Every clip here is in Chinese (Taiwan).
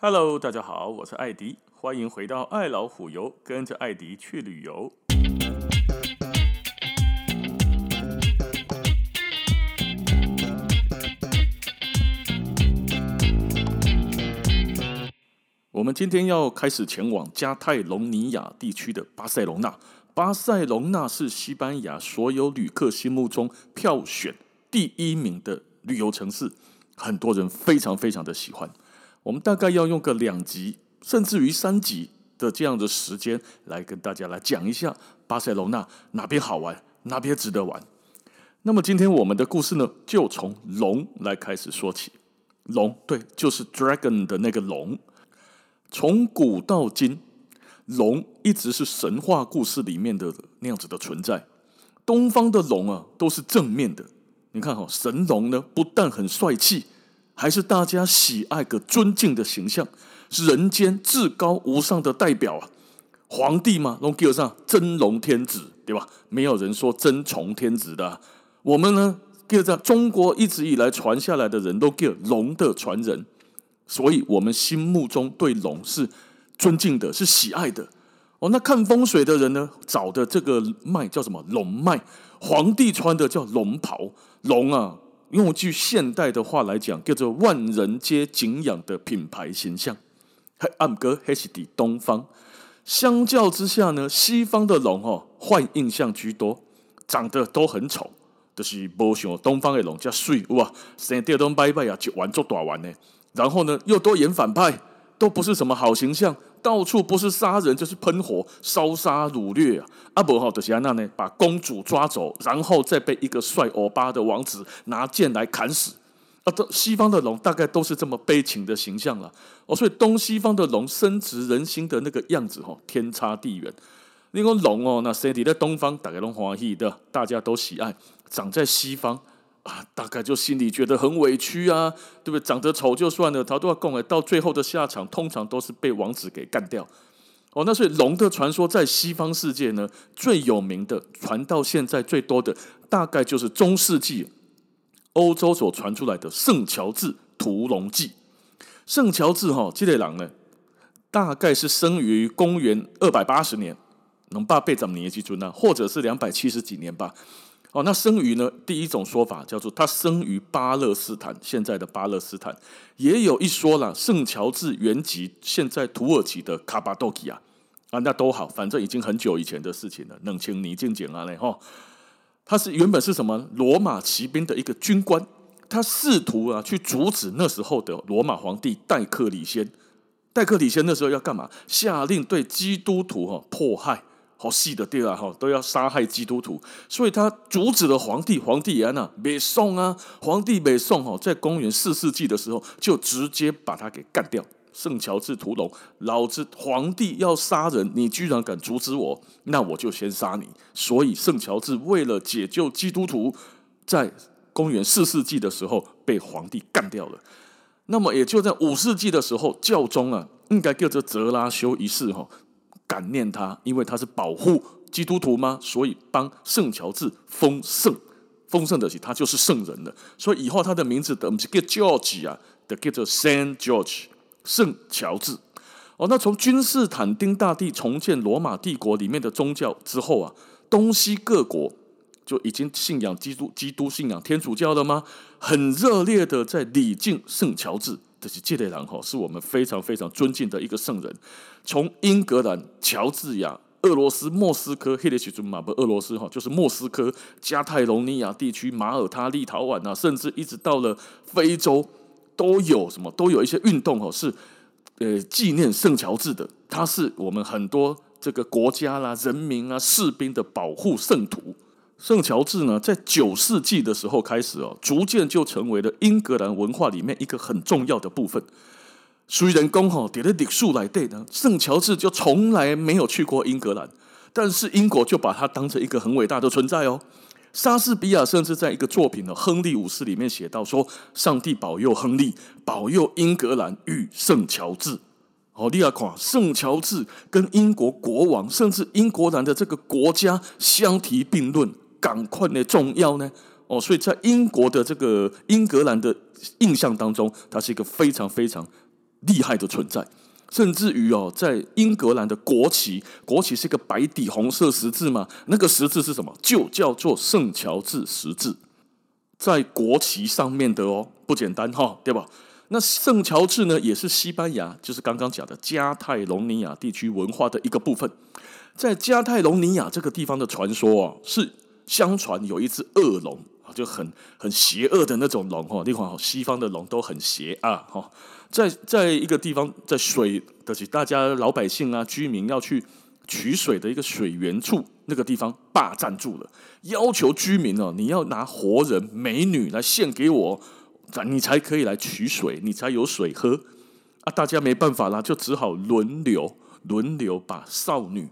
Hello，大家好，我是艾迪，歡迎回到愛老虎遊，跟着艾迪去旅遊。我們今天要開始前往加泰隆尼亞地區的巴塞隆納，巴塞隆納是西班牙所有旅客心目中票選第一名的旅遊城市，很多人非常非常的喜歡。我們大概要用個兩集，甚至於三集的這樣的時間，來跟大家來講一下巴塞羅那哪邊好玩，哪邊值得玩。那麼今天我們的故事呢，就從龍來開始說起。龍，對，就是 dragon 的那個龍。從古到今，龍一直是神話故事裡面的那樣子的存在。東方的龍啊，都是正面的。你看哈、哦，神龍呢，不但很帥氣。還是大家喜愛、和尊敬的形象，是人間至高無上的代表啊！皇帝嘛，能叫上真龍天子，對吧？沒有人說真蟲天子的啊。我們呢，叫啥？中國一直以來傳下來的人都叫龍的傳人，所以我們心目中對龍是尊敬的，是喜愛的。哦，那看風水的人呢，找的這個脈叫什麼？龍脈。皇帝穿的叫龍袍，龍啊。用一句現代的話來講，叫做萬人皆敬仰的品牌形象。但是那是在東方，相較之下呢，西方的龍哦，壞印象居多，長得都很醜，就是不像東方的龍，這樣水哇，生得都歪歪啊，就玩做大玩呢。然後呢，又多演反派，都不是什麼好形象。到處不是殺人就是噴火，燒殺擄掠啊！啊不然就是怎樣呢，把公主抓走，然後再被一個帥歐巴的王子拿劍來砍死。啊，這西方的龍大概都是這麼悲情的形象了哦。所以東西方的龍深植人心的那個樣子哦，天差地遠。那個龍哦，那生在東方大家攏歡喜的，大家都喜愛，長在西方，啊，大概就心裡覺得很委屈啊，對不對？長得醜就算了，他都要供到最後的下場，通常都是被王子給幹掉。哦，那所以龍的傳說在西方世界呢，最有名的、傳到現在最多的，大概就是中世紀歐洲所傳出來的《聖喬治屠龍記》。聖喬治吼、哦，基列郎呢，大概是生於公元二百八十年，能把貝長年記住呢，或者是兩百七十幾年吧。哦，那生於呢？第一種說法叫做他生於巴勒斯坦，現在的巴勒斯坦也有一說啦。聖喬治原籍現在土耳其的卡巴多基亞，啊，那都好，反正已經很久以前的事情了。能請你靜靜啊，嘞吼，他是原本是什麼羅馬騎兵的一個軍官，他試圖啊去阻止那時候的羅馬皇帝戴克里先。戴克里先那時候要幹嘛？下令對基督徒哈、啊、迫害。好細的對啦，哈，都要殺害基督徒，所以他阻止了皇帝。皇帝安娜北宋啊，皇帝北宋哈，在公元四世紀的時候，就直接把他給幹掉。聖喬治屠龍，老子皇帝要殺人，你居然敢阻止我，那我就先殺你。所以聖喬治為了解救基督徒，在公元四世紀的時候被皇帝幹掉了。那麼，也就在五世紀的時候，教宗啊，應該叫做澤拉修一世哈。感念他，因為他是保護基督徒嘛，所以幫聖喬治封聖，封聖的是他就是聖人了。所以以後他的名字就不是叫 George 啊，得叫做 Saint George，聖喬治。哦，那從君士坦丁大帝重建羅馬帝國裡面的宗教之後啊，東西各國就已經信仰基督，基督信仰天主教了嗎？很熱烈的在禮敬聖喬治。這是傑雷狼哈，是我們非常非常尊敬的一個聖人，從英格蘭、喬治亞、俄羅斯、莫斯科、那時候也沒有俄羅斯哈，就是莫斯科、加泰隆尼亞地區、馬耳他、立陶宛啊，甚至一直到了非洲，都有什麼？都有一些運動哦，是呃紀念聖喬治的。他是我們很多這個國家啦、人民啊、士兵的保護聖徒。聖喬治呢，在九世紀的時候開始哦，逐漸就成為了英格蘭文化裡面一個很重要的部分。雖然剛好點了點數來對的，聖喬治就從來沒有去過英格蘭，但是英國就把他當成一個很偉大的存在哦。莎士比亞甚至在一個作品的《亨利五世》裡面寫到說：“上帝保佑亨利，保佑英格蘭與聖喬治。”哦，你看，聖喬治跟英國國王甚至英格蘭的這個國家相提並論。港困的重要呢，哦，所以在英國的這個英格蘭的印象當中，它是一個非常非常厲害的存在，甚至於哦，在英格蘭的國旗，國旗是一個白底紅色十字嘛，那個十字是什麼？就叫做聖喬治十字，在國旗上面的哦，不簡單哈、哦，對吧？那聖喬治呢，也是西班牙，就是剛剛講的加泰隆尼亞地區文化的一個部分，在加泰隆尼亞這個地方的傳說啊、哦，是。相傳有一隻惡龍啊，就很很邪惡的那種龍哈。你看西方的龍都很邪惡啊，哈，在在一個地方，在水的、就是、大家老百姓啊，居民要去取水的一個水源處，那個地方霸佔住了，要求居民哦、喔，你要拿活人、美女來獻給我，你才可以來取水，你才有水喝啊！大家沒辦法啦，就只好輪流輪流把少女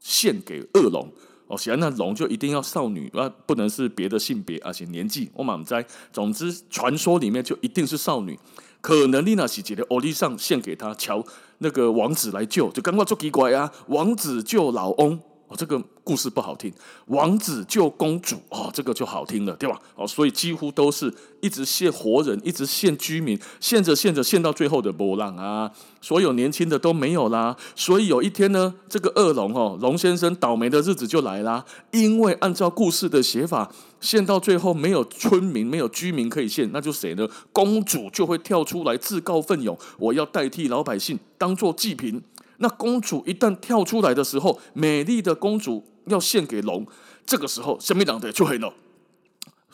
獻給惡龍。哦，是那龍就一定要少女，呃，不能是別的性別，而且年紀我滿栽。總之，傳說裡面就一定是少女，可能麗娜時姐的歐麗桑獻給他，瞧那個王子來救，就剛剛捉奇怪啊，王子救老翁。哦，這個故事不好聽，王子救公主哦，這個就好聽了，對吧？哦，所以幾乎都是一直獻活人，一直獻居民，獻着獻着，獻到最後的波浪啊，所有年輕的都沒有啦。所以有一天呢，這個惡龍哦，龍先生倒霉的日子就來啦。因為按照故事的寫法，獻到最後沒有村民、沒有居民可以獻，那就誰呢？公主就會跳出來，自告奮勇，我要代替老百姓，當做祭品。那公主一旦跳出來的時候，美麗的公主要獻給龍，這個時候神秘黨的就會了，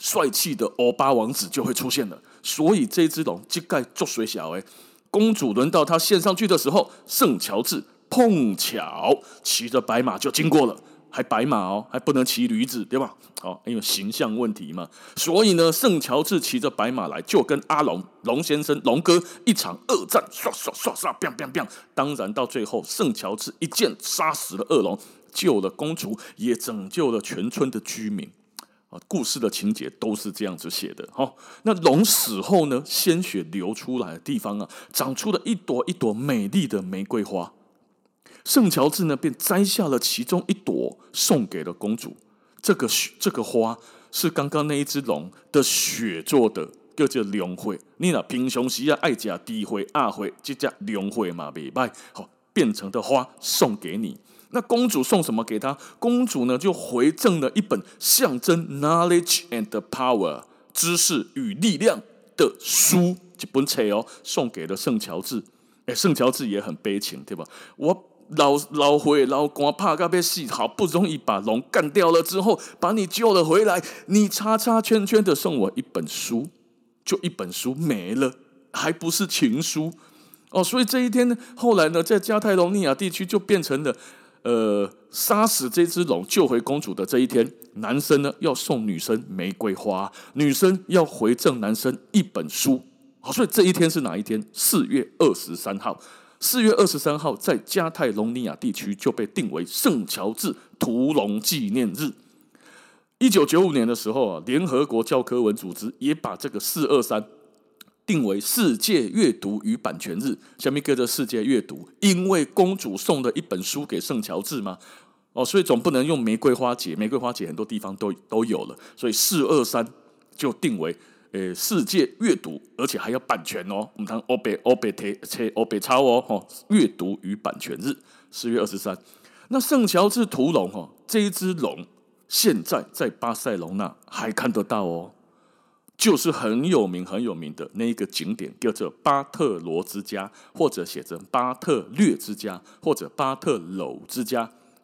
帥氣的歐巴王子就會出現了。所以這只龍就蓋捉衰小哎，公主輪到她獻上去的時候，聖喬治碰巧騎着白馬就經過了。還白馬哦，還不能騎驢子，對吧？哦，因為形象問題嘛。所以呢，聖喬治騎着白馬來，就跟阿龍龍先生、龍哥一場惡戰，唰唰唰唰，變變變。當然到最後，聖喬治一劍殺死了惡龍，救了公主，也拯救了全村的居民。啊、哦，故事的情節都是這樣子寫的。好、哦，那龍死後呢，鮮血流出來的地方啊，長出了一朵一朵美麗的玫瑰花。聖喬治呢，便摘下了其中一朵，送給了公主。這個這個花是剛剛那一隻龍的血做的，叫做龍血。你若平常時啊，愛食雞血鴨血，這只龍血嘛，未歹哦，變成的花送給你。那公主送什麼給他？公主呢，就回贈了一本象徵 knowledge and power 知識與力量的書，這本冊哦，送給了聖喬治。哎，聖喬治也很悲情，對吧？我。老老灰老光怕他被戲，好不容易把龍幹掉了之後，把你救了回來，你叉叉圈圈的送我一本書，就一本書沒了，還不是情書哦。所以這一天呢，後來呢，在加泰隆尼亞地區就變成了，呃，殺死這只龍救回公主的這一天，男生呢要送女生玫瑰花，女生要回贈男生一本書。好，所以這一天是哪一天？四月二十三號。四月二十三號在加泰隆尼亞地區就被定為聖喬治屠龍紀念日。一九九五年的時候啊，聯合國教科文組織也把這個四二三定為世界閱讀與版權日。下面擱着世界閱讀，因為公主送的一本書給聖喬治嗎？哦，所以總不能用玫瑰花節，玫瑰花節很多地方都都有了，所以四二三就定為。世界閱讀，而且還要版權哦。我們看 O B O B T T O B 超哦，哈、哦，閱讀與版權日，四月二十三。那聖喬治屠龍哦，這一隻龍現在在巴塞隆納還看得到哦，就是很有名很有名的那一個景點，叫做巴特羅之家，或者寫成巴特略之家，或者巴特魯之家。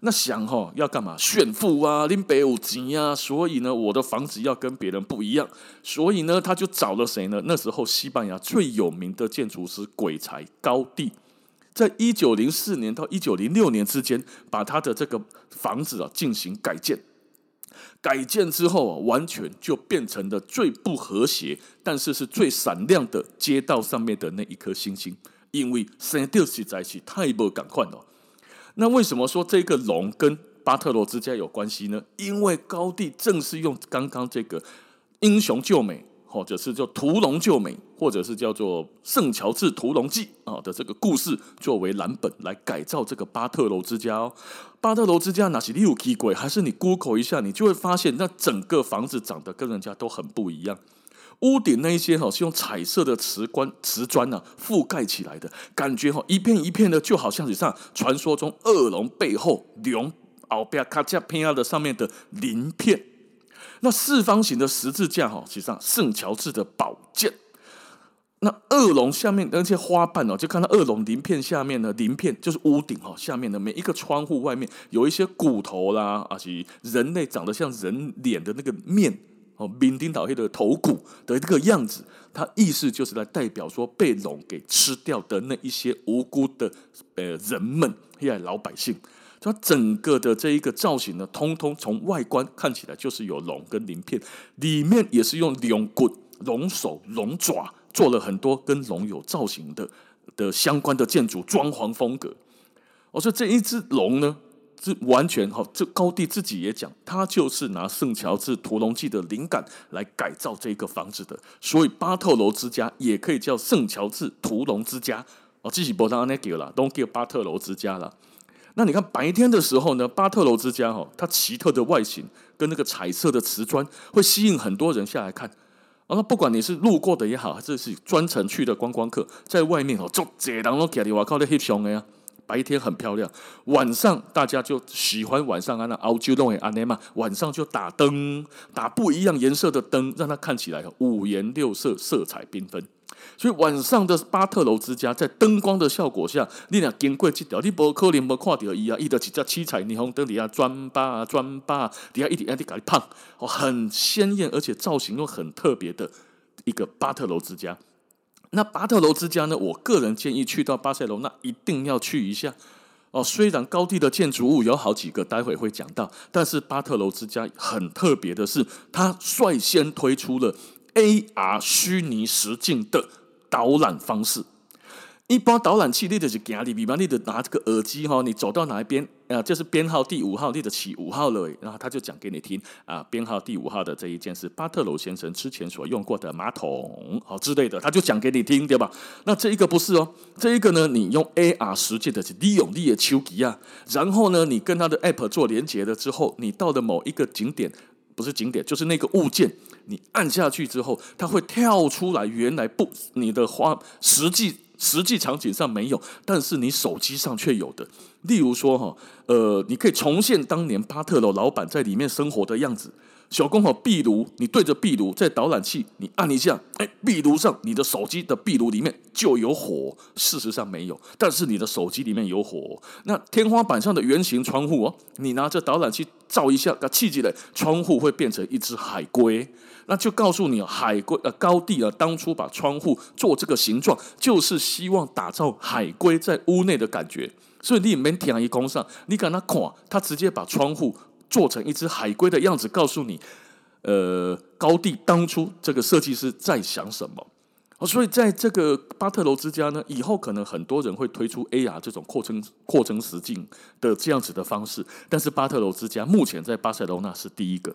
那想哈要幹嘛？炫富啊拎北有錢呀？所以呢，我的房子要跟別人不一樣。所以呢，他就找了誰呢？那時候西班牙最有名的建築師鬼才高第，在一九零四年到一九零六年之間，把他的這個房子啊進行改建。改建之後啊，完全就變成了最不和諧，但是是最閃亮的街道上面的那一顆星星。因為設計實在是太不敢看了。那為什麼說這個龍跟巴特羅之家有關係呢？因為高第正是用剛剛這個英雄救美，或者是叫屠龍救美，或者是叫做聖喬治屠龍記啊的這個故事作為藍本來改造這個巴特羅之家哦。巴特羅之家如果你是有機會，還是你 Google 一下，你就會發現那整個房子長得跟人家都很不一樣。屋頂那一些哈是用彩色的瓷磚，瓷磚呢覆蓋起來的感覺哈，一片一片的，就好像是像傳說中惡龍背後龍哦，啪咔嚓啪呀的上面的鱗片，那四方形的十字架哈是上聖喬治的寶劍，那惡龍下面那些花瓣哦，就看到惡龍鱗片下面的鱗片就是屋頂哈，下面的每一個窗戶外面有一些骨頭啦，而且人類長得像人臉的那個面。哦，酩酊島黑的頭骨的這個樣子，它意思就是來代表說被龍給吃掉的那一些無辜的呃人們，哎，老百姓。所以它整個的這一個造型呢，通通從外觀看起來就是有龍跟鱗片，裡面也是用龍骨、龍首、龍爪做了很多跟龍有造型的的相關的建築裝潢風格。我說這一隻龍呢？這完全哈，這高第自己也講，他就是拿《聖喬治屠龍記》的靈感來改造這個房子的，所以巴特樓之家也可以叫聖喬治屠龍之家哦。繼續不能那了都叫巴特樓之家啦。那你看白天的時候呢，巴特樓之家哈，它奇特的外形跟那個彩色的瓷磚會吸引很多人下來看。那不管你是路過的也好，還是專程去的觀光客，在外面哦，就這人攏傑里話靠在白天很漂亮，晚上大家就喜歡晚上啊，那歐洲都會這樣嘛，晚上就打燈，打不一樣顏色的燈，讓它看起來五顏六色，色彩繽紛。所以晚上的巴特樓之家在燈光的效果下，你那經過這條，你不可能沒看到他，一的七彩霓虹燈底下磚巴啊鑽巴底下一點啊，你搞的胖哦，很鮮豔，而且造型又很特別的一個巴特樓之家。那巴特樓之家呢，我個人建議去到巴塞羅那一定要去一下哦。雖然高第的建築物有好幾個，待會會講到，但是巴特樓之家很特別的是，他率先推出了 AR 虛擬實境的導覽方式。一般導覽器你就是行的，比方你拿這個耳機哈，你走到哪一邊啊？就是編號第五號，你就起五號了，欸，然後他就講給你聽啊，編號第五號的這一件是巴特魯先生之前所用過的馬桶好之類的，他就講給你聽，對吧？那這一個不是哦，喔，這一個呢，你用 AR 實際的是利用你的手機啊，然後呢，你跟他的 app 做連接了之後，你到的某一個景點，不是景點，就是那個物件，你按下去之後，它會跳出來，原來不你的花實際。實際場景上沒有，但是你手機上卻有的。例如說哈，呃，你可以重現當年巴特樓老闆在裡面生活的樣子。小工和壁爐，你對着壁爐，在導覽器你按一下，誒，壁爐上你的手機的壁爐裡面就有火，事實上沒有，但是你的手機裡面有火。那天花板上的圓形窗戶哦，你拿着導覽器照一下，它奇蹟的窗戶會變成一隻海龜，那就告訴你，哦，海龜呃高第啊，當初把窗戶做這個形狀，就是希望打造海龜在屋內的感覺。所以你門貼一空上，你敢他看，他直接把窗戶。做成一隻海龜的樣子，告訴你，呃，高第當初這個設計師在想什麼。所以在這個巴特羅之家呢，以後可能很多人會推出 AR 這種擴增、擴增實境的這樣子的方式。但是巴特羅之家目前在巴塞羅那是第一個，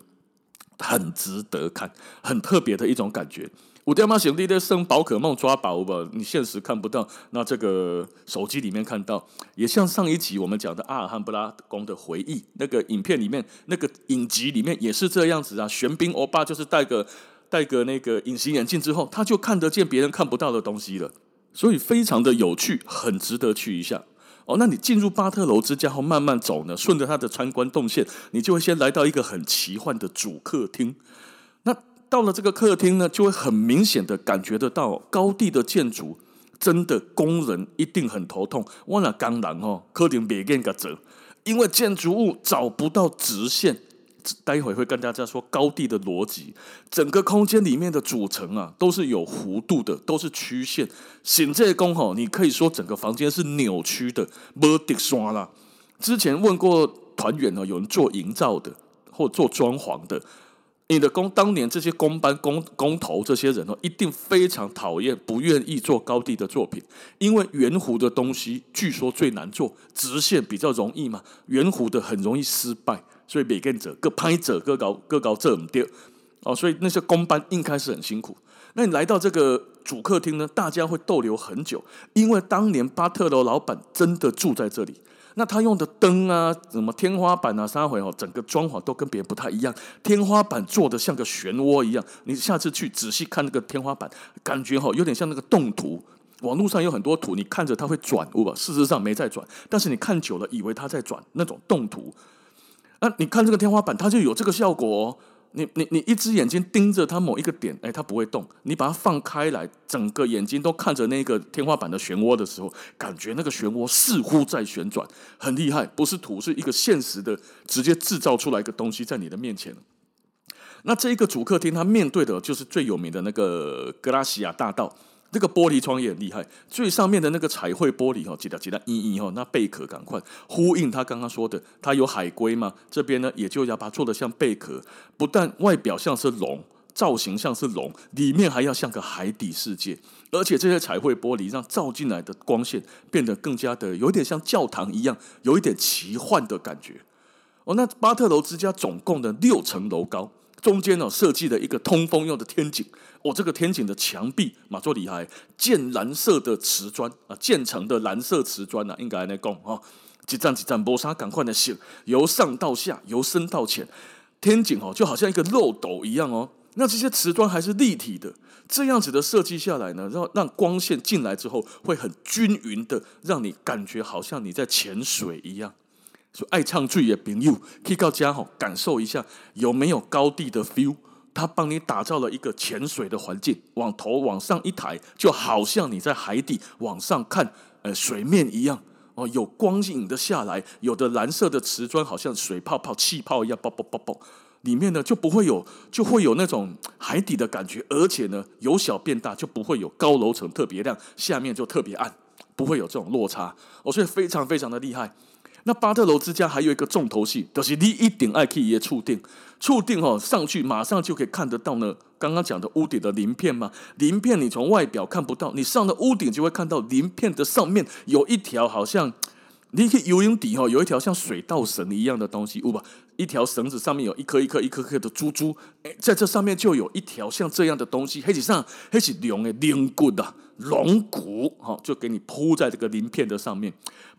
很值得看，很特別的一種感覺。五條毛兄弟在生寶可夢抓寶吧，你現實看不到，那這個手機裡面看到，也像上一集我們講的阿爾漢布拉宮的回憶，那個影片裡面，那個影集裡面也是這樣子啊。玄彬歐巴就是戴個戴個那個隱形眼鏡之後，他就看得見別人看不到的東西了，所以非常的有趣，很值得去一下。哦，那你進入巴特羅之家後慢慢走呢，順着他的參觀動線，你就會先來到一個很奇幻的主客廳。到了這個客廳呢，就會很明顯的感覺得到高第的建築，真的工人一定很頭痛。我了鋼然哦，客廳別變個折，因為建築物找不到直線。待會會跟大家說高第的邏輯，整個空間裡面的組成啊，都是有弧度的，都是曲線。選這些工哦，你可以說整個房間是扭曲的。沒得刷啦。之前問過團員哦，有人做營造的，或者做裝潢的。你的工當年這些工班工工頭這些人哦，一定非常討厭，不願意做高第的作品，因為圓弧的東西據說最難做，直線比較容易嘛，圓弧的很容易失敗，所以每跟着各拍者各高各搞這麼掉哦，所以那些工班應該是很辛苦。那你來到這個主客廳呢，大家會逗留很久，因為當年巴特羅老板真的住在這裡。那他用的燈啊，什麼天花板啊，三回哦，整個裝潢都跟別人不太一樣。天花板做的像個漩渦一樣，你下次去仔細看那個天花板，感覺吼有點像那個動圖。網絡上有很多圖，你看着它會轉，事實上沒在轉，但是你看久了以為它在轉那種動圖。那，啊，你看這個天花板，它就有這個效果哦。你你你一隻眼睛盯着它某一個點，哎，它不會動。你把它放開來，整個眼睛都看着那個天花板的漩渦的時候，感覺那個漩渦似乎在旋轉，很厲害，不是圖，是一個現實的，直接製造出來的一個東西在你的面前。那這一個主客廳，它面對的就是最有名的那個格拉西亞大道。那個玻璃窗也很厲害，最上面的那個彩繪玻璃哦、喔，記得記得一個一哦、喔，那貝殼趕快呼應他剛剛說的，它有海龜嘛，這邊呢，也就要把它做得像貝殼，不但外表像是龍，造型像是龍，裡面還要像個海底世界，而且這些彩繪玻璃讓照進來的光線變得更加的有點像教堂一樣，有一點奇幻的感覺哦、喔。那巴特樓之家總共的六層樓高，中間呢設計了一個通風用的天井。我、哦、這個天井的牆壁，馬祖裡還建藍色的瓷磚啊，建成的藍色瓷磚呢，應該那共啊幾層幾層波沙，趕、哦、快的選，由上到下，由深到淺，天井哦，就好像一個漏斗一樣哦。那這些瓷磚還是立體的，這樣子的設計下來呢，讓讓光線進來之後，會很均勻的，讓你感覺好像你在潛水一樣。所、就、以、是、愛唱劇也朋友，可以到家吼、哦、感受一下，有沒有高第的 feel。它幫你打造了一個潛水的環境，往頭往上一抬，就好像你在海底往上看，呃，水面一樣哦，有光影的下來，有的藍色的瓷磚好像水泡泡、氣泡一樣，啵啵啵啵，啵，裡面呢就不會有，就會有那種海底的感覺，而且呢由小變大就不會有高樓層特別亮，下面就特別暗，不會有這種落差，哦，所以非常非常的厲害。那巴特羅之家還有一個重頭戲，就是你一定要去他的屋頂，屋頂哦，上去馬上就可以看得到呢。剛剛講的屋頂的鱗片嘛，鱗片你從外表看不到，你上了屋頂就會看到鱗片的上面有一條，好像你可以游泳底哈，有一條像水稻繩一樣的東西，唔一條繩子上面有一顆一顆一顆顆的珠珠，哎、欸，在這上面就有一條像這樣的東西，黑係啥，黑係龍的鱗骨的龍骨，好、哦，就給你鋪在這個鱗片的上面。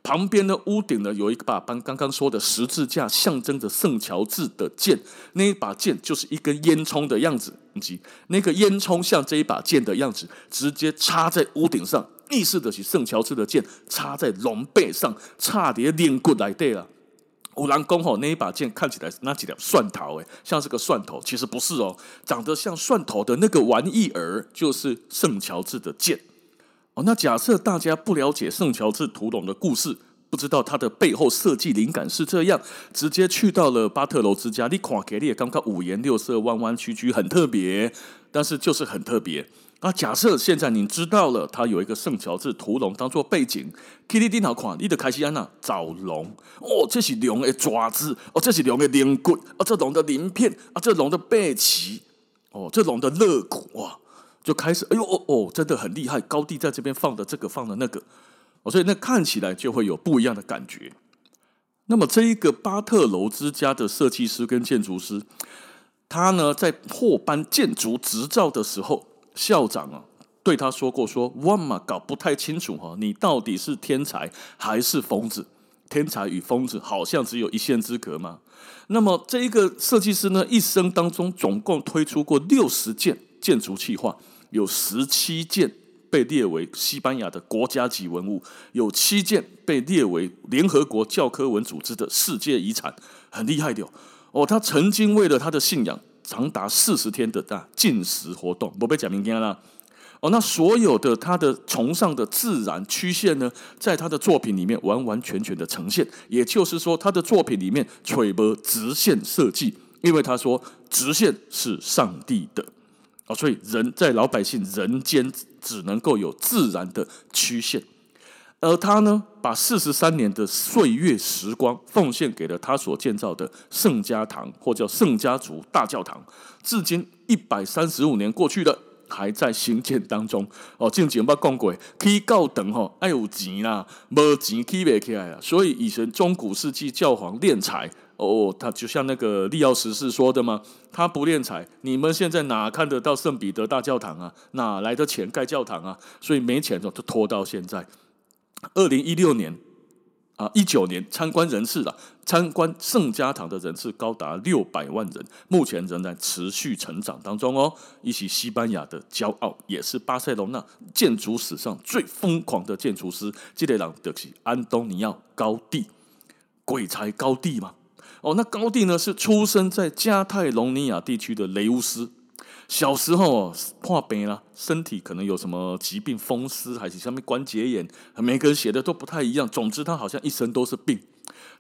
旁邊的屋頂呢，有一把剛剛剛說的十字架，象徵着聖喬治的劍。那一把劍就是一根煙囪的樣子，以及那個煙囪像這一把劍的樣子，直接插在屋頂上，意思的是聖喬治的劍插在龍背上，差點連過來。對了，有人講吼那一把劍看起來那幾條蒜頭誒，像是個蒜頭，其實不是哦，長得像蒜頭的那個玩意兒就是聖喬治的劍。哦，那假設大家不了解聖喬治屠龍的故事，不知道他的背後設計靈感是這樣，直接去到了巴特羅之家。你哇，給列，剛剛五顏六色、彎彎曲曲，很特別，但是就是很特別。那假設現在你知道了，他有一個聖喬治屠龍當做背景，Kitty 電腦看，你得開始安娜找龍。哦，這是龍的爪子，哦，這是龍的鱗骨，啊，這龍的鱗片，啊，這龍的背鰭，哦，這龍的肋骨，哇。就開始，哎呦哦哦，真的很厲害！高第在這邊放的這個，放的那個，哦、所以那看起來就會有不一樣的感覺。那麼這一個巴特樓之家的設計師跟建築師，他呢，在獲頒建築執照的時候，校長啊對他說過說：“哇嘛，搞不太清楚哈、啊，你到底是天才還是瘋子？天才與瘋子好像只有一線之隔嘛。」那麼這一個設計師呢，一生當中總共推出過六十件建築計劃有十七件被列為西班牙的國家級文物，有七件被列為聯合國教科文組織的世界遺產，很厲害的哦。哦，他曾經為了他的信仰，長達四十天的大禁食活動，我被講明聽啦。哦，那所有的他的崇尚的自然曲線呢，在他的作品裡面完完全全的呈現，也就是說，他的作品裡面揣摩直線設計，因為他說直線是上帝的。哦，所以人，在老百姓人間只能夠有自然的曲線，而他呢，把四十三年的歲月時光奉獻給了他所建造的聖家堂，或叫聖家族大教堂，至今一百三十五年過去了，還在興建當中。哦，正經八講過，起教堂吼愛有錢啊，沒錢起不起來啊。所以以前中古世紀教皇斂財。哦，他就像那個利奧十四說的嘛，他不斂財，你們現在哪看得到聖彼得大教堂啊？哪來的錢蓋教堂啊？所以沒錢就拖到現在。二零一六年啊，一九年參觀人次了，參觀聖家堂的人次高達六百萬人，目前仍然持續成長當中哦。他是西班牙的驕傲，也是巴塞隆納建築史上最瘋狂的建築師——這個人就是安東尼奧·高第，鬼才高第嘛。哦，那高第呢？是出生在加泰隆尼亞地區的雷烏斯，小時候啊，患病了，身體可能有什麼疾病，風濕還是什麼關節炎，每個人寫的都不太一樣。總之，他好像一生都是病，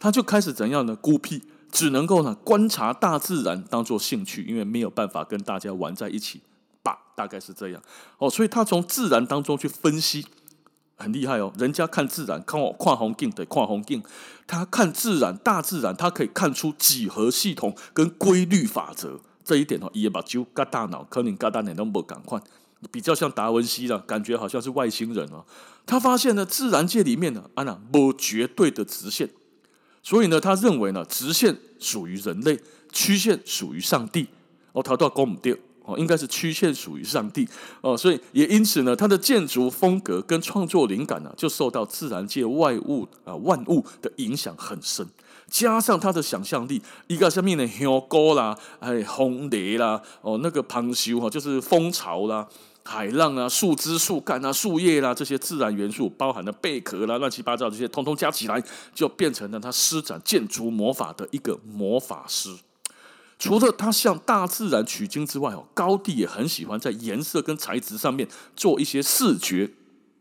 他就開始怎樣呢？孤僻，只能夠呢觀察大自然當做興趣，因為沒有辦法跟大家玩在一起，吧，大概是這樣。哦，所以他從自然當中去分析。很厲害哦，人家看自然，看我看風景，對，看風景，他看自然，大自然，他可以看出幾何系統跟規律法則這一點哦，伊也把鳩嘎大腦，可你嘎大腦都無敢換，比較像達文西了，感覺好像是外星人哦。他發現了，自然界裡面呢，啊吶，無絕對的直線，所以呢，他認為呢，直線屬於人類，曲線屬於上帝，哦，他都還搞唔掉。哦，應該是曲線屬於上帝哦，所以也因此呢，他的建築風格跟創作靈感呢、啊，就受到自然界外物啊、呃、萬物的影響很深。加上他的想象力，一個上面的香果啦，還有紅蝶啦，哦那個盤修哈、啊，就是蜂巢啦、海浪啊、樹枝、樹幹啊、樹葉啦，這些自然元素包含了貝殼啦、亂七八糟這些，通通加起來，就變成了他施展建築魔法的一個魔法師。除了他向大自然取經之外哦，高第也很喜歡在顏色跟材質上面做一些視覺、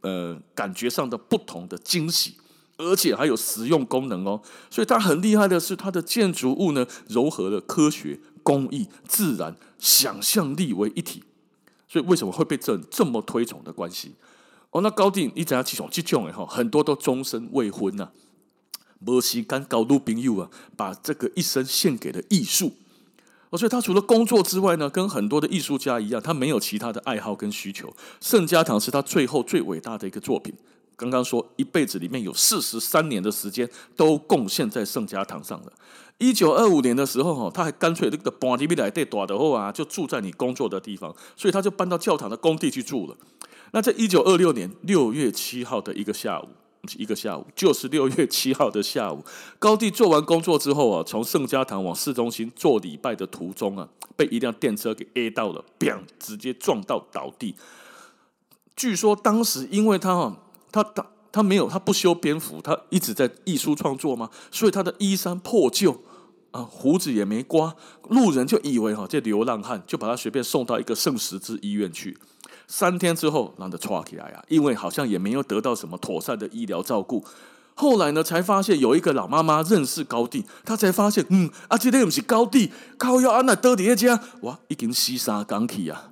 呃，感覺上的不同的驚喜，而且還有實用功能哦。所以他很厲害的是，他的建築物呢，融合了科學、工藝、自然、想象力為一體。所以為什麼會被這這麼推崇的關係？哦，那高第你怎樣推崇？吉炯哎哈，很多都終身未婚吶、啊，沒時間交女朋友啊，把這個一生獻給了藝術。所以他除了工作之外呢，跟很多的藝術家一樣，他沒有其他的愛好跟需求。聖家堂是他最後最偉大的一個作品。剛剛說一輩子裡面有四十三年的時間都貢獻在聖家堂上了。一九二五年的時候，哈，他還乾脆那個搬地 d 來對多的後啊，就住在你工作的地方，所以他就搬到教堂的工地去住了。那在一九二六年六月七號的一個下午，一個下午，就是六月七號的下午，高第做完工作之後啊，從聖家堂往市中心做禮拜的途中啊，被一輛電車給 A 到了，直接撞到倒地。據說當時因為他啊，他他他沒有他不修邊幅，他一直在藝術創作嘛，所以他的衣衫破舊啊，胡子也沒刮，路人就以為哈、啊、這流浪漢，就把他隨便送到一個聖十字醫院去。三天之後，讓他抓起來啊，因為好像也沒有得到什麼妥善的醫療照顧。後來呢，才發現有一個老媽媽認識高第，她才發現，嗯，啊，今天又不是高第，高要安來迪你家，哇，已經西沙港起呀。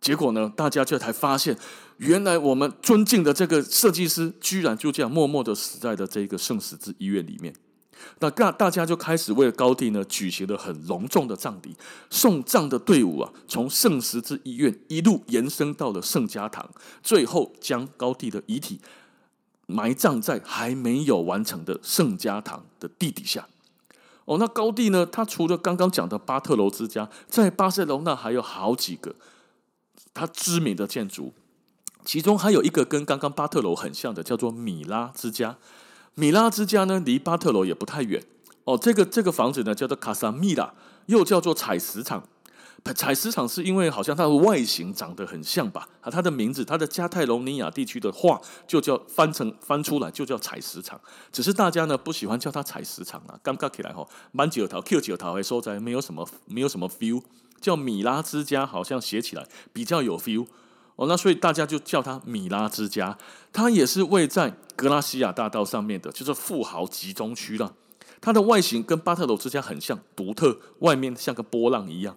結果呢，大家就才發現，原來我們尊敬的這個設計師，居然就這樣默默的死在了這個聖十字醫院裡面。那大大家就開始為了高第呢，舉行了很隆重的葬禮。送葬的隊伍啊，從聖十字醫院一路延伸到了聖家堂，最後將高第的遺體埋葬在還沒有完成的聖家堂的地底下。哦，那高第呢？他除了剛剛講的巴特羅之家，在巴塞隆納還有好幾個他知名的建築，其中還有一個跟剛剛巴特羅很像的，叫做米拉之家。米拉之家呢，離巴特羅也不太遠哦。這個這個房子呢，叫做卡薩米拉，又叫做採石場。採石場是因為好像它的外形長得很像吧？啊，它的名字，它的加泰隆尼亞地區的話，就叫翻成翻出來就叫採石場。只是大家呢不喜歡叫它採石場啊。剛剛起來哈、哦。滿幾頭 Q 幾頭還說在沒有什麼沒有什麼 feel，叫米拉之家好像寫起來比較有 feel。哦，oh, 那所以大家就叫它米拉之家，它也是位在格拉西亞大道上面的，就是富豪集中區了，啊。它的外形跟巴特羅之家很像，獨特，外面像個波浪一樣。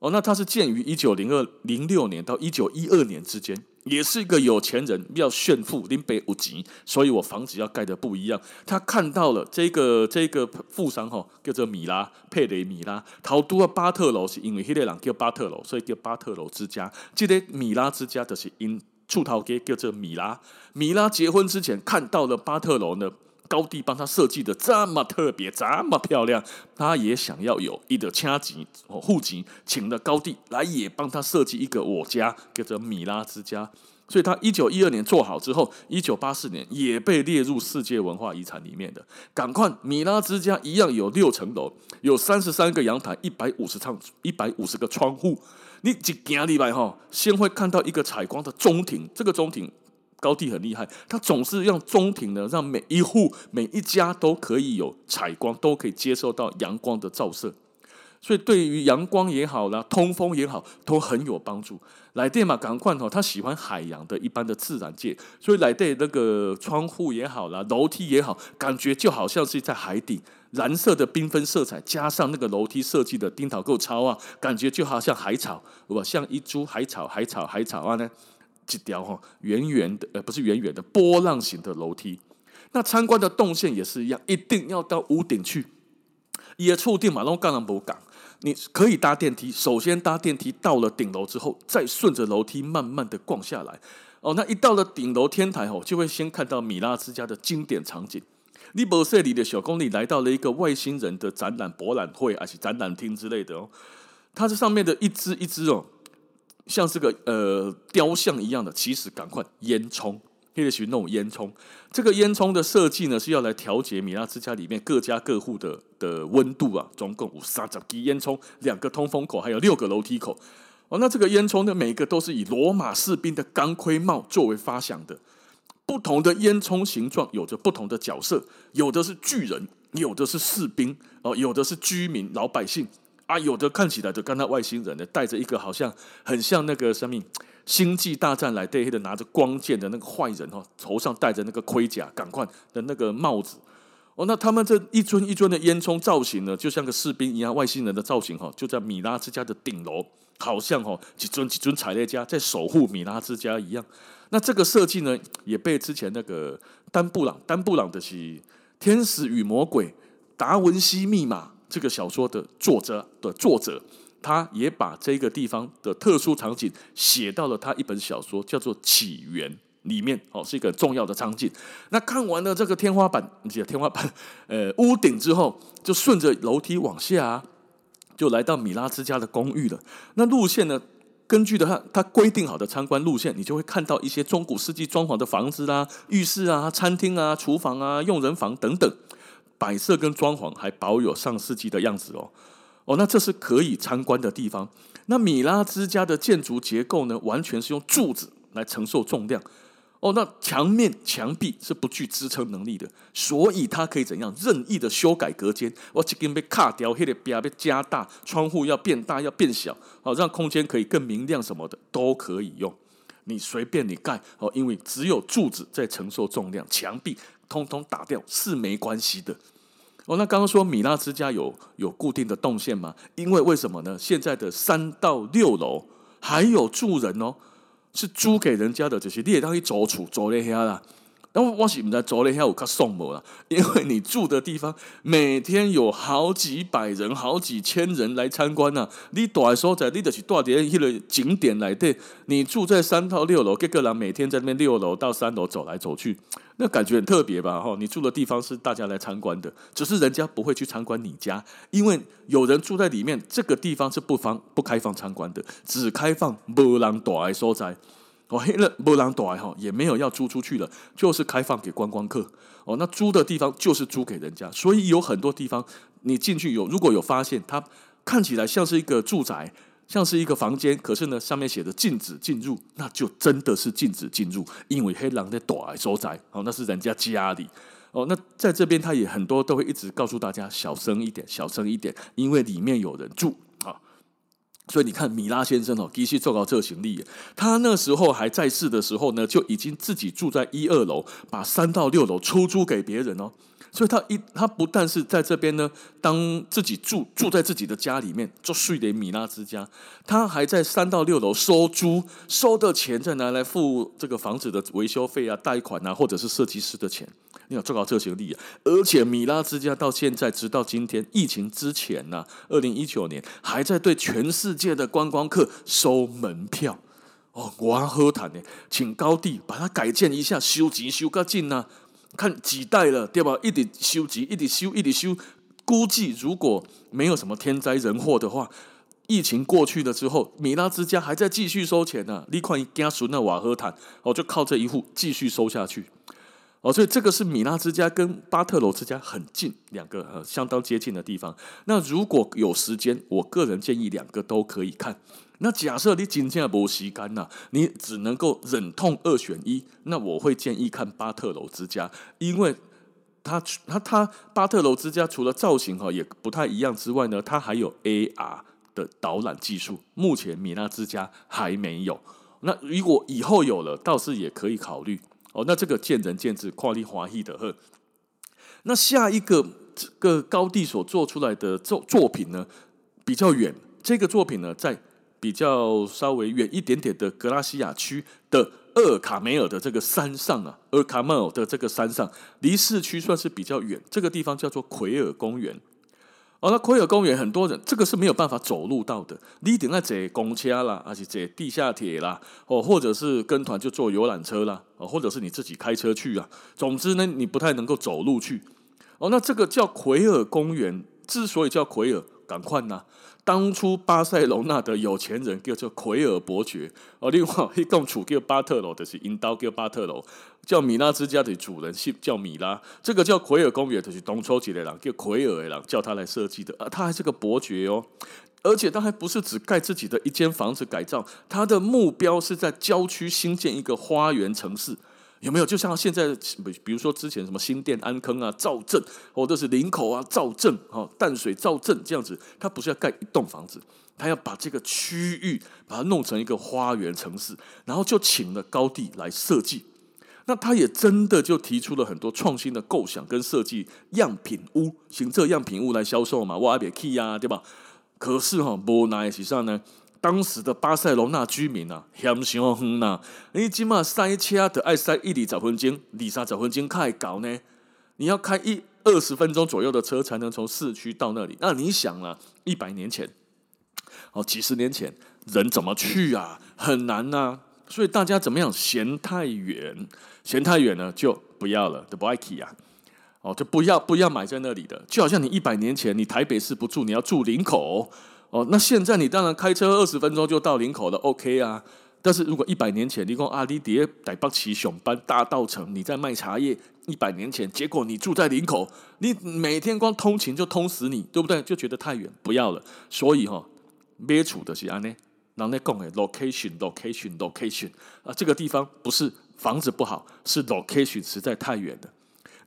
哦，那他是建於一九零二零六年到一九一二年之間，也是一個有錢人要炫富，拎北有錢，所以我房子要蓋得不一樣。他看到了這個這個富商哈，叫做米拉佩雷米拉，逃都啊，巴特羅是因為那個人叫巴特羅，所以叫巴特羅之家。這個米拉之家就是因厝頭家叫做米拉，米拉結婚之前看到了巴特羅呢，高第幫他設計的這麼特別，這麼漂亮，他也想要有一個家級哦，戶籍請了高第來，也幫他設計一個我家，叫做米拉之家。所以，他一九一二年做好之後，一九八四年也被列入世界文化遺產裡面的。趕快，米拉之家一樣有六層樓，有三十三個陽台，一百五十窗、一百五十個窗戶。你一進裡來哈，先會看到一個採光的中庭，這個中庭。高第很厲害，他總是用中庭呢，讓每一戶每一家都可以有採光，都可以接受到陽光的照射，所以對於陽光也好了，通風也好，都很有幫助。來電嘛，趕快哦，他喜歡海洋的一般的自然界，所以來電那個窗戶也好了，樓梯也好，感覺就好像是在海底，藍色的繽紛色彩加上那個樓梯設計的丁桃構超啊，感覺就好像海草，不，像一株海草，海草，海草啊呢。幾條哈，圓圓的呃，不是圓圓的，波浪形的樓梯。那參觀的動線也是一樣，一定要到屋頂去。耶，觸電嘛，然後然不博物你可以搭電梯。首先搭電梯到了頂樓之後，再順着樓梯慢慢的逛下來。哦，那一到了頂樓天台哦，就會先看到米拉之家的經典場景。里伯瑟裡的小公女來到了一個外星人的展覽博覽會，還是展覽廳之類的哦。它這上面的一隻一隻哦。像這個呃雕像一樣的，其實趕快煙囪，還得去弄煙囪。這個煙囪的設計呢，是要來調節米拉之家裡面各家各戶的的溫度啊。總共有三十幾煙囪，兩個通風口，還有六個樓梯口。哦，那這個煙囪的每一個都是以羅馬士兵的鋼盔帽作為發想的。不同的煙囪形狀有着不同的角色，有的是巨人，有的是士兵，哦，有的是居民老百姓。啊，有的看起來的，就跟那外星人的，戴着一個好像很像那個什麼《星際大戰》來的，拿着光劍的那個壞人哈，頭上戴着那個盔甲、趕快的那個帽子哦。那他們這一尊一尊的煙囪造型呢，就像個士兵一樣，外星人的造型哈，就在米拉之家的頂樓，好像哈幾尊幾尊彩列家在守護米拉之家一樣。那這個設計呢，也被之前那個丹布朗、丹布朗的是《天使與魔鬼》、《達文西密碼》。這個小說的作者的作者，他也把這個地方的特殊場景寫到了他一本小說，叫做《起源》裡面。哦，是一個重要的場景。那看完了這個天花板，你寫天花板，呃，屋頂之後，就順着樓梯往下啊，就來到米拉之家的公寓了。那路線呢，根據的他他規定好的參觀路線，你就會看到一些中古世紀裝潢的房子啦、啊、浴室啊、餐廳啊、廚房啊、傭人房等等。擺設跟裝潢還保有上世紀的樣子哦，哦，那這是可以參觀的地方。那米拉之家的建築結構呢，完全是用柱子來承受重量。哦，那牆面牆壁是不具支撐能力的，所以它可以怎樣任意的修改隔間？我這邊被卡掉，那個邊被加大，窗戶要變,要變大，要變小，哦，讓空間可以更明亮什麼的都可以用，你隨便你蓋哦，因為只有柱子在承受重量，牆壁。通通打掉是沒關係的哦。那剛剛說米拉之家有有固定的動線嗎？因為為什麼呢？現在的三到六樓還有住人哦，是租給人家的，這些列當一走出，租那些啦。啊、我是不知道昨日下午去送，因為你住的地方每天有好幾百人，好幾千人來參觀吶、啊。你住的所在，你就是住在那個景點來的。你住在三到六樓，幾個人每天在那邊六樓到三樓走來走去，那感覺很特別吧？吼，你住的地方是大家來參觀的，只是人家不會去參觀你家，因為有人住在裡面，這個地方是不方不開放參觀的，只開放無人住的所在。哦，黑了黑狼躲哎哈，也沒有要租出去了，就是開放給觀光客哦。那租的地方就是租給人家，所以有很多地方你進去有如果有發現，它看起來像是一個住宅，像是一個房間，可是呢上面寫著禁止進入，那就真的是禁止進入，因為黑狼在躲哎住宅哦，那是人家家裡哦。那在這邊他也很多都會一直告訴大家小聲一點，小聲一點，因為裡面有人住。所以你看，米拉先生哦，極做到這執行力。他那時候還在世的時候呢，就已經自己住在一二樓，把三到六樓出租給別人哦。所以他一他不但是在這邊呢，當自己住住在自己的家裡面，做睡的米拉之家，他還在三到六樓收租，收的錢再拿來付這個房子的維修費啊、貸款啊，或者是設計師的錢。你要做好執行利益、啊，而且米拉之家到現在，直到今天疫情之前呢，啊，二零一九年還在對全世界的觀光客收門票哦。瓦赫坦呢，請高第把它改建一下，修葺修個淨呢。看幾代了，對吧？一直修葺，一直修，一直修。估計如果沒有什麼天災人禍的話，疫情過去了之後，米拉之家還在繼續收錢呢，啊。你看了，伊家屬那瓦赫坦，我就靠這一戶繼續收下去。哦，所以這個是米拉之家跟巴特羅之家很近，兩個呃相當接近的地方。那如果有時間，我個人建議兩個都可以看。那假設你今天沒時間啊，你只能夠忍痛二選一。那我會建議看巴特羅之家，因為它它它巴特羅之家除了造型哈也不太一樣之外呢，它還有 AR 的導覽技術，目前米拉之家還沒有。那如果以後有了，倒是也可以考慮。哦，oh, 那這個見仁見智，誇立華裔的呵。那下一個這個高第所做出來的作作品呢，比較遠。這個作品呢，在比較稍微遠一點點的格拉西亞區的厄卡梅爾的這個山上啊，厄卡梅爾的這個山上，離市區算是比較遠。這個地方叫做奎爾公園。哦，那奎爾公園很多人，這個是沒有辦法走路到的。你一定要坐公車啦，還是坐地下鐵啦，哦，或者是跟團就坐遊覽車啦，哦，或者是你自己開車去啊。總之呢，你不太能夠走路去。哦，那這個叫奎爾公園，之所以叫奎爾，趕快呢，當初巴塞隆納的有錢人叫做奎爾伯爵。哦，另外一棟厝叫巴特羅的是，一刀叫巴特羅。就是叫米拉之家的主人姓叫米拉，這個叫奎爾公園就是東歐幾的人，叫奎爾的人叫他來設計的啊，他還是個伯爵哦，而且他還不是只蓋自己的一間房子改造，他的目標是在郊區新建一個花園城市，有沒有？就像現在，比如說之前什麼新店、安坑啊、造鎮，或、哦、者是林口啊、造鎮、哈、哦、淡水、造鎮這樣子，他不是要蓋一棟房子，他要把這個區域把它弄成一個花園城市，然後就請了高第來設計。那他也真的就提出了很多創新的構想跟設計樣品屋，行這樣品屋來銷售嘛，我別 k e 啊，對吧？可是哈、哦，無奈實際上呢，當時的巴塞羅那居民啊嫌上遠你因為今嘛塞車的，愛塞一、二十分鐘，二、三十分鐘太高呢，你要開一二十分鐘左右的車才能從市區到那裡。那你想了、啊，一百年前，好幾十年前，人怎麼去啊？很難吶、啊，所以大家怎麼樣嫌太遠？嫌太遠了，就不要了，就不愛去啊。哦，就不要不要買在那裡的。就好像你一百年前你台北市不住，你要住林口哦。哦，那現在你當然開車二十分鐘就到林口了，OK 啊。但是如果一百年前你講阿迪蝶在北起熊班大稻埕，你在賣茶葉，一百年前結果你住在林口，你每天光通勤就通死你，對不對？就覺得太遠，不要了。所以哈、哦，別處的是安呢，人家講誒？Location, location, location 啊，這個地方不是。房子不好，是 location 實在太遠了。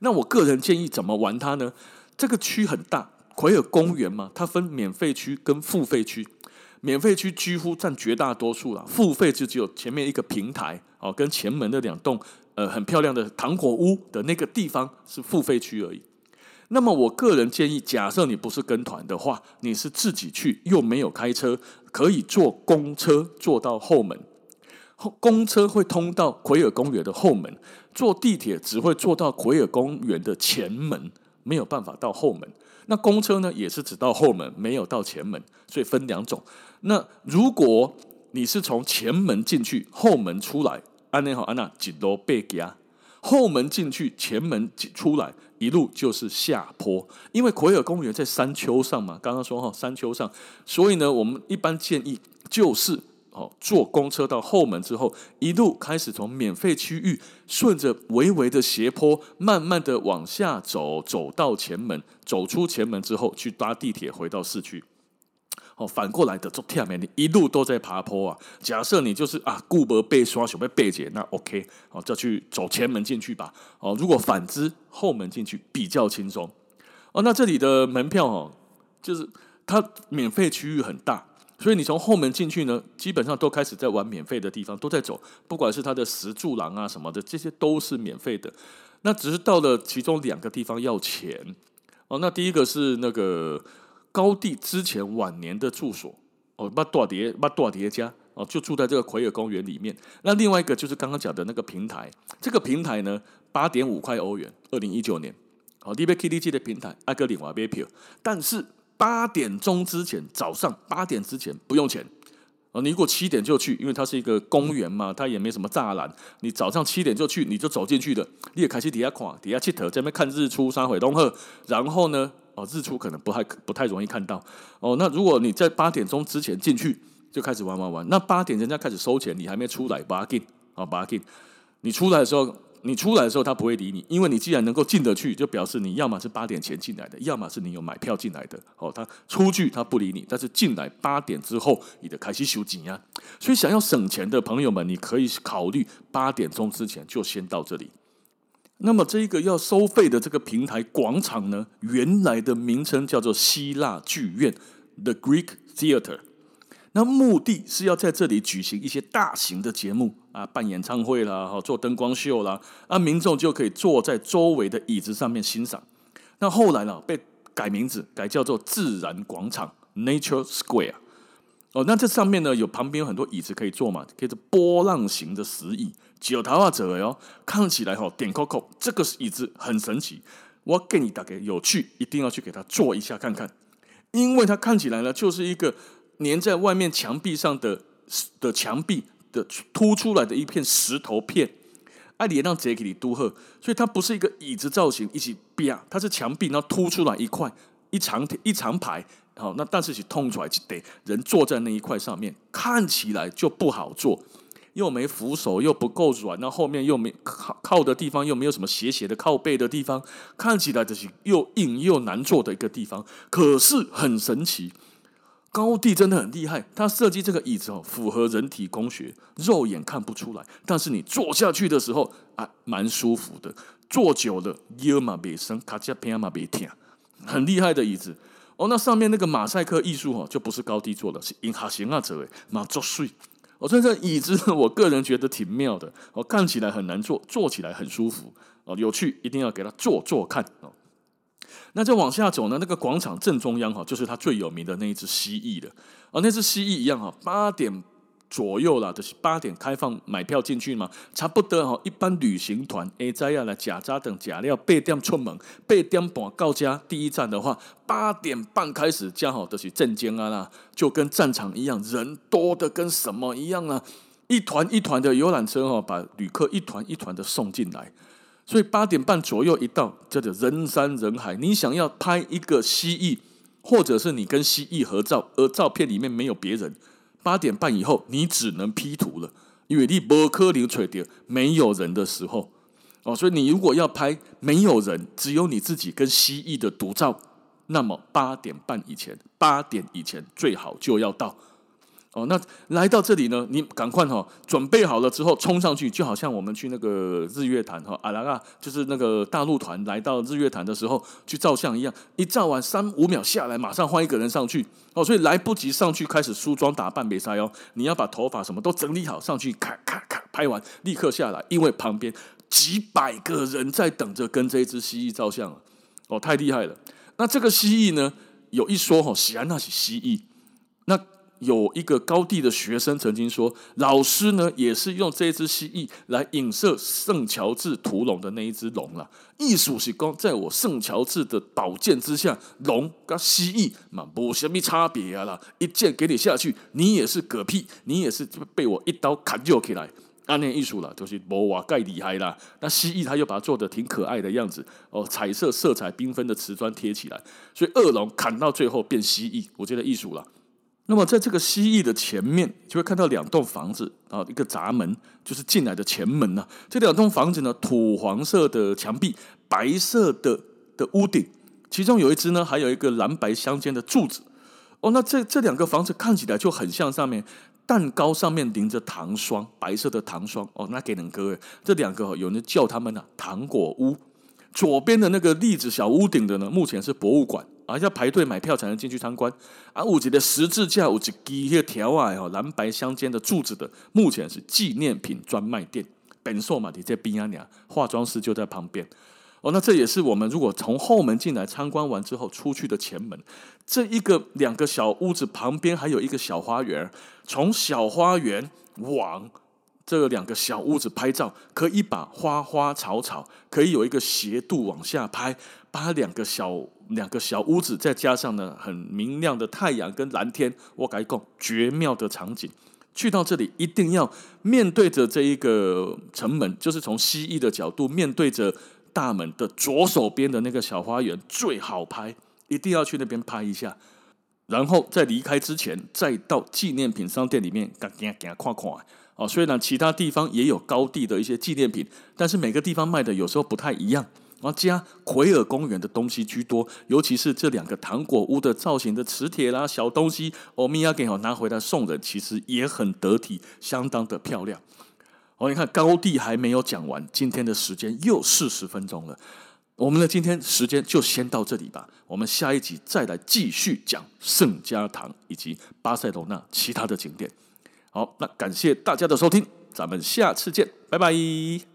那我個人建議怎麼玩它呢？這個區很大，奎爾公園嘛，它分免費區跟付費區。免費區幾乎佔絕大多數了，付費就只有前面一個平台哦，跟前門的兩棟呃很漂亮的糖果屋的那個地方是付費區而已。那麼我個人建議，假設你不是跟團的話，你是自己去又沒有開車，可以坐公車坐到後門。公車會通到奎爾公園的後門，坐地鐵只會坐到奎爾公園的前門，沒有辦法到後門。那公車呢，也是只到後門，沒有到前門，所以分兩種。那如果你是從前門進去，後門出來，安內好安娜吉羅貝啊？後門進去，前門出來，一路就是下坡，因為奎爾公園在山丘上嘛。剛剛說哈、哦，山丘上，所以呢，我們一般建議就是。哦，坐公車到後門之後，一路開始從免費區域，順着微微的斜坡，慢慢的往下走，走到前門，走出前門之後，去搭地鐵回到市區。哦，反過來的，這下面你一路都在爬坡啊。假設你就是啊，久沒爬山，想要爬一下，那 OK，哦，就去走前門進去吧。哦，如果反之，後門進去比較輕鬆。哦，那這裡的門票哦，就是它免費區域很大。所以你從後門進去呢，基本上都開始在玩免費的地方，都在走，不管是他的石柱廊啊什麼的，這些都是免費的。那只是到了其中兩個地方要錢哦。那第一個是那個高第之前晚年的住所哦，馬多爾迭馬多爾迭家哦，就住在這個奎爾公園裡面。那另外一個就是剛剛講的那個平台，這個平台呢，八點五塊歐元，二零一九年哦，d B KDG 的平台，阿哥領話買票但是。八點鐘之前，早上八點之前不用錢啊、哦！你如果七點就去，因為它是一個公園嘛，它也沒什麼柵欄。你早上七點就去，你就走進去的，你也可以去底下逛，底下去走，在那邊看日出三回東鶴。然後呢，哦，日出可能不太不太容易看到哦。那如果你在八點鐘之前進去，就開始玩玩玩。那八點人家開始收錢，你還沒出來，不要緊啊，不要緊。你出來的時候。你出來的時候，他不會理你，因為你既然能夠進得去，就表示你要麼是八點前進來的，要麼是你有買票進來的。哦，他出去他不理你，但是進來八點之後，你的開始收錢呀。所以想要省錢的朋友們，你可以考慮八點鐘之前就先到這裡。那麼這個要收費的這個平台廣場呢，原來的名稱叫做希臘劇院，The Greek Theatre。那目的是要在這裡舉行一些大型的節目啊，辦演唱會啦，做燈光秀啦，啊，民眾就可以坐在周圍的椅子上面欣賞。那後來呢、啊，被改名字，改叫做自然廣場 （Nature Square）。哦，那這上面呢，有旁邊有很多椅子可以坐嘛，可以坐波浪形的石椅，九頭啊者喲，看起來哈、哦，點扣扣，這個椅子很神奇，我給你打個有趣，一定要去給他坐一下看看，因為它看起來呢，就是一個。粘在外面牆壁上的的牆壁的凸出來的一片石頭片，艾里讓杰克里都喝，所以它不是一個椅子造型，一起變它是牆壁，然後凸出來一塊一長一長排，好、哦、那但是是凸出來就得人坐在那一塊上面，看起來就不好坐，又沒扶手又不夠軟，然後後面又沒靠靠的地方，又沒有什麼斜斜的靠背的地方，看起來就是又硬又難坐的一個地方，可是很神奇。高第真的很厲害，他設計這個椅子哦，符合人體工學，肉眼看不出來，但是你坐下去的時候啊，蠻舒服的。坐久了，生很厲害的椅子哦。那上面那個馬賽克藝術哦，就不是高第做的，是英塔型啊，這位馬座水。哦，所以這椅子，我個人覺得挺妙的。哦，看起來很難坐，坐起來很舒服哦，有趣，一定要給他坐坐看哦。那再往下走呢？那個廣場正中央哈，就是它最有名的那一隻蜥蜴了。而那只蜥蜴一樣哈，八點左右啦，就是八點開放買票進去嘛。差不多哈，一般旅行團 A 扎亞、來假扎等假料背掉出門，背掉把告家第一站的話，八點半開始，家好都是正經啊啦，就跟戰場一樣，人多的跟什麼一樣啊？一團一團的遊覽車哈，把旅客一團一團的送進來。所以八點半左右一到，就叫做人山人海。你想要拍一個蜥蜴，或者是你跟蜥蜴合照，而照片裡面沒有別人。八點半以後，你只能 P 圖了，因為你不可能找到沒有人的時候哦。所以你如果要拍沒有人，只有你自己跟蜥蜴的獨照，那麼八點半以前，八點以前最好就要到。哦，那來到這裡呢，你趕快哦，準備好了之後衝上去，就好像我們去那個日月潭哈、哦，阿拉啊，就是那個大陸團來到日月潭的時候去照相一樣，一照完三五秒下來，馬上換一個人上去哦，所以來不及上去開始梳妝打扮沒曬哦，你要把頭髮什麼都整理好上去，咔咔咔拍完立刻下來，因為旁邊幾百個人在等着跟這隻蜥蜴照相哦，太厲害了。那這個蜥蜴呢，有一說哦，喜安娜是蜥蜴，那。有一個高第的學生曾經說：“老師呢，也是用這隻蜥蜴來影射聖喬治屠龍的那一隻龍了。意思是講，在我聖喬治的寶劍之下，龍跟蜥蜴嘛，無什麼差別啊。一劍給你下去，你也是嗝屁，你也是被我一刀砍掉起來。暗戀藝術了，就是莫瓦蓋厲害啦。那蜥蜴它又把它做的挺可愛的樣子，哦，彩色色彩繽紛的瓷磚貼起來，所以惡龍砍到最後變蜥蜴，我覺得藝術了。”那麼，在這個蜥蜴的前面，就會看到兩棟房子啊，一個閘門，就是進來的前門呢、啊。這兩棟房子呢，土黃色的牆壁，白色的的屋頂，其中有一隻呢，還有一個藍白相間的柱子。哦，那這這兩個房子看起來就很像上面蛋糕上面淋着糖霜，白色的糖霜。哦，那給人哥這兩個、哦，有人叫他們呢、啊“糖果屋”。左邊的那個栗子小屋頂的呢，目前是博物館。還要排隊買票才能進去參觀啊！五級的十字架，五級幾個條啊？藍白相間的柱子的，目前是紀念品專賣店。本碩嘛，你在賓安你啊，化妝室就在旁邊哦。那這也是我們如果從後門進來參觀完之後出去的前門。這一個兩個小屋子旁邊還有一個小花園，從小花園往。這兩個小屋子拍照，可以把花花草草，可以有一個斜度往下拍，把兩個小兩個小屋子，再加上呢很明亮的太陽跟藍天，我敢講絕妙的場景。去到這裡一定要面對着這一個城門，就是從西翼的角度面對着大門的左手邊的那個小花園最好拍，一定要去那邊拍一下。然後在離開之前，再到紀念品商店裡面，趕快看看。看看看哦，雖然其他地方也有高第的一些紀念品，但是每個地方賣的有時候不太一樣。我加奎爾公園的東西居多，尤其是這兩個糖果屋的造型的磁鐵啦、小東西，歐咪呀給拿回來送人，其實也很得體，相當的漂亮。我你看，高第還沒有講完，今天的時間又四十分鐘了，我們的今天時間就先到這裡吧，我們下一集再來繼續講聖家堂以及巴塞羅那其他的景點。好，那感謝大家的收聽，咱們下次見，拜拜。